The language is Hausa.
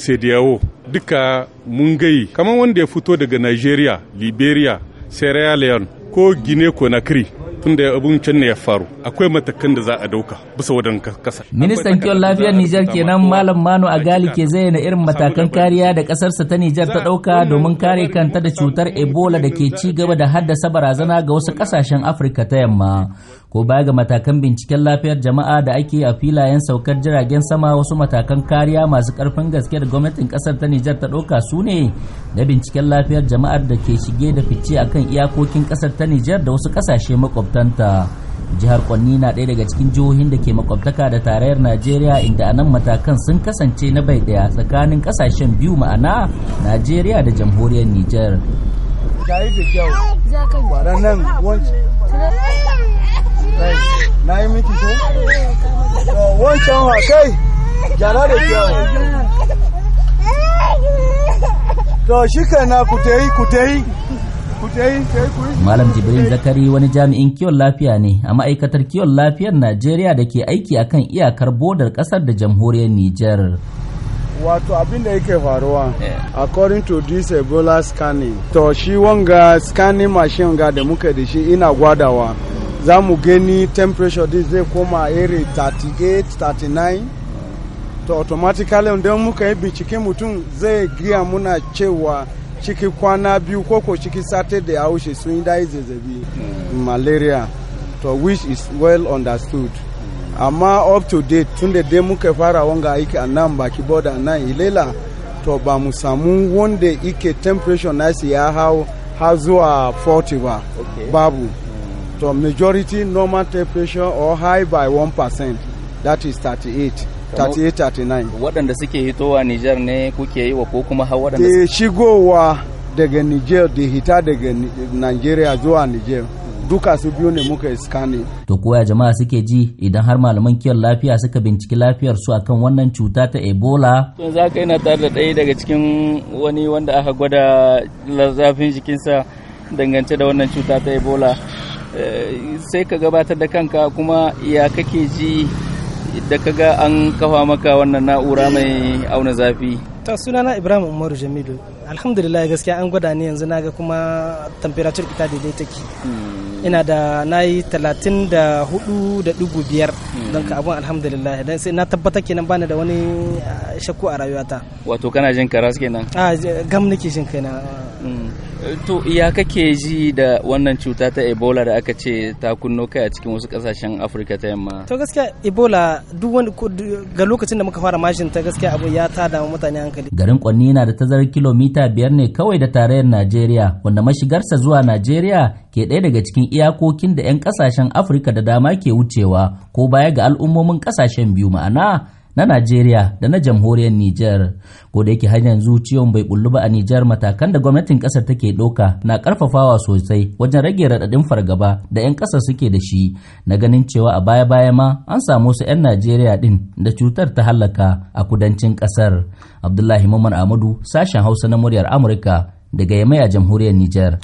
sediyawo duka mun gai kamar wanda ya fito daga nigeria liberia sierra leone ko guinea conakry tun da abun can ne ya faru akwai matakan da za a dauka bisa wadan kasa ministan kiyon lafiyar Nijar kenan malam Manu Agali ke zayyana irin matakan kariya da kasarsa ta Nijar ta dauka domin kare kanta da cutar Ebola da ke ci gaba da haddasa barazana ga wasu kasashen Afirka ta yamma ko baya ga matakan binciken lafiyar jama'a da ake a filayen saukar jiragen sama wasu matakan kariya masu karfin gaske da gwamnatin kasar ta Nijar ta ɗauka su ne na binciken lafiyar jama'ar da ke shige da fice a kan iyakokin kasar ta Nijar da wasu ƙasashe makwabtanta. jihar kwanni na ɗaya daga cikin jihohin da ke makwabtaka da tarayyar najeriya inda anan matakan sun kasance na bai ɗaya tsakanin ƙasashen biyu ma'ana najeriya da jamhuriyar Nijar. na yi miki Malam Jibrin Zakari wani jami'in kiwon lafiya ne a ma'aikatar kiwon lafiyar Najeriya da ke aiki a kan iyakar bodar ƙasar da jamhuriyar Nijar. Wato abin da yake faruwa, eh. according to this Ebola scanning, to shi wanga scanning machine ga da muka da shi ina gwadawa. za mu gani temperature din zai koma iri 38 39 to automatically idan muka yi bincike mutum zai giya muna cewa ciki kwana biyu koko ciki sati da ya wuce sun yi dai zazzabi hmm. malaria to which is well understood amma up to date tun da dai muka fara wanga aiki a nan baki boda nan ilela to ba mu samu wanda ike temperature nasi ya hau har zuwa 40 ba babu to majority normal temperature or high by 1% that is 38 38 39 waɗanda suke hitowa Nijar ne kuke yi wa ko kuma har waɗanda suke shigowa daga Nijar da hita daga Nigeria zuwa Nijar duka su biyu ne muka iskani. To koya jama'a suke ji idan har malaman kiyar lafiya suka binciki lafiyar su akan wannan cuta ta Ebola. to za ka yana tare da ɗaya daga cikin wani wanda aka gwada zafin jikinsa dangance da wannan cuta ta Ebola. Eh, sai ka gabatar da kanka kuma ya kake ji da kaga an kafa maka wannan na'ura mai auna zafi ta sunana ibrahim umaru jamilu alhamdulillah gaskiya an gwada ni yanzu naga kuma temperature ita daidai take hmm. ina da na yi talatin da hudu da dugu biyar hmm. don ka abun alhamdulillah don sai na tabbata kenan bani da wani ah, shakku a rayuwata wato kana jin karas kenan a ah, gam nake jin kaina hmm. to ya kake ji da wannan cuta ta ebola da aka ce ta kunno kai a cikin wasu kasashen afirka ta yamma to gaskiya ebola duk wani ga lokacin da muka fara mashin ta gaskiya abu ya tada mutane hankali garin kwanni na da tazarar kilomita biyar ne kawai da tarayyar najeriya wanda mashigarsa zuwa najeriya ke ɗaya daga cikin iyakokin da 'yan ƙasashen afirka da dama ke wucewa ko baya ga al'ummomin ƙasashen biyu ma'ana na Najeriya da na jamhuriyar Nijar. Ko da yake har yanzu ciwon bai bullu ba a Nijar matakan da gwamnatin ƙasar take ɗauka na ƙarfafawa sosai wajen rage raɗaɗin fargaba da 'yan ƙasar suke da shi na ganin cewa a baya-baya ma an samu su 'yan Najeriya ɗin da cutar ta hallaka a kudancin ƙasar. Abdullahi Muhammad Amadu sashen Hausa na muryar Amurka daga Yamai a jamhuriyar Nijar.